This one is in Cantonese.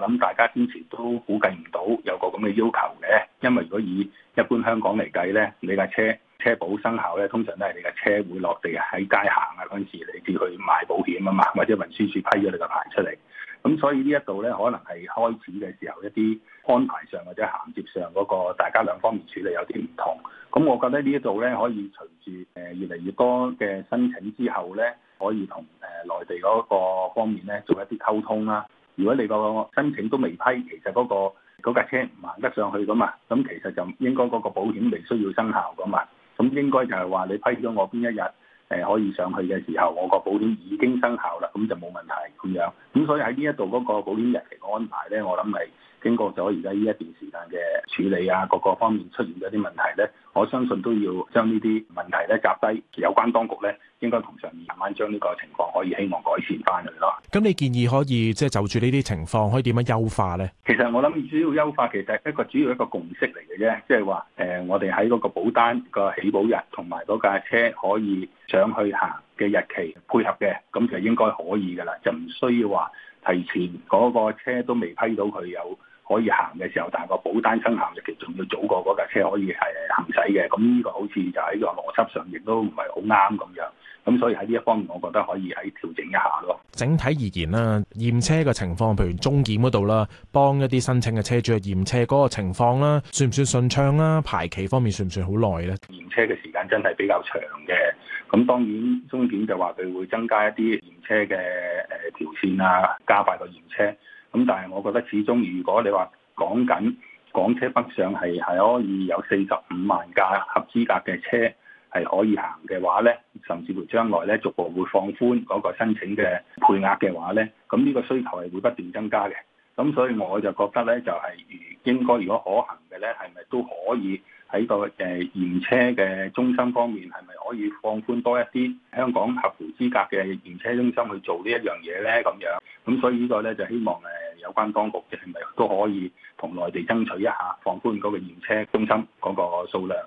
咁大家之前都估計唔到有個咁嘅要求嘅，因為如果以一般香港嚟計咧，你架車車保生效咧，通常都係你架車會落地喺街行啊嗰陣時嚟至去買保險啊嘛，或者運輸處批咗你個牌出嚟。咁所以呢一度咧，可能係開始嘅時候一啲安排上或者銜接上嗰個大家兩方面處理有啲唔同。咁我覺得呢一度咧可以隨住誒越嚟越多嘅申請之後咧，可以同誒內地嗰個方面咧做一啲溝通啦。如果你個申請都未批，其實嗰、嗰個架、嗰個、車唔行得上去噶嘛，咁其實就應該嗰個保險未需要生效噶嘛，咁應該就係話你批咗我邊一日，誒可以上去嘅時候，我個保險已經生效啦，咁就冇問題咁樣。咁所以喺呢一度嗰個保險日期嘅安排咧，我諗係經過咗而家呢一段時間嘅處理啊，各個方面出現咗啲問題咧，我相信都要將呢啲問題咧夾低，有關當局咧應該同上面慢慢將呢個情況可以希望改善翻佢咯。咁你建議可以即係、就是、就住呢啲情況可以點樣優化咧？其實我諗主要優化其實一個主要一個共識嚟嘅啫，即係話誒，我哋喺嗰個保單個起保日同埋嗰架車可以上去行嘅日期配合嘅，咁就應該可以噶啦，就唔需要話提前嗰個車都未批到佢有可以行嘅時候，但係個保單生效日期仲要早過嗰架車可以係行駛嘅，咁呢個好似就喺個邏輯上亦都唔係好啱咁樣。咁所以喺呢一方面，我覺得可以喺調整一下咯。整體而言啦，驗車嘅情況，譬如中檢嗰度啦，幫一啲申請嘅車主驗車嗰個情況啦，算唔算順暢啦？排期方面算唔算好耐咧？驗車嘅時間真係比較長嘅。咁當然中檢就話，佢會增加一啲驗車嘅誒條線啊，加快個驗車。咁但係我覺得始終，如果你話講緊港車北上係係可以有四十五萬架合資格嘅車，係可以行嘅話咧甚至乎將來咧，逐步會放寬嗰個申請嘅配額嘅話咧，咁呢個需求係會不斷增加嘅。咁所以我就覺得咧，就係應該如果可行嘅咧，係咪都可以喺個誒驗車嘅中心方面，係咪可以放寬多一啲香港合乎資格嘅驗車中心去做呢一樣嘢咧？咁樣，咁所以呢個咧就希望誒有關當局係咪都可以同內地爭取一下放寬嗰個驗車中心嗰個數量。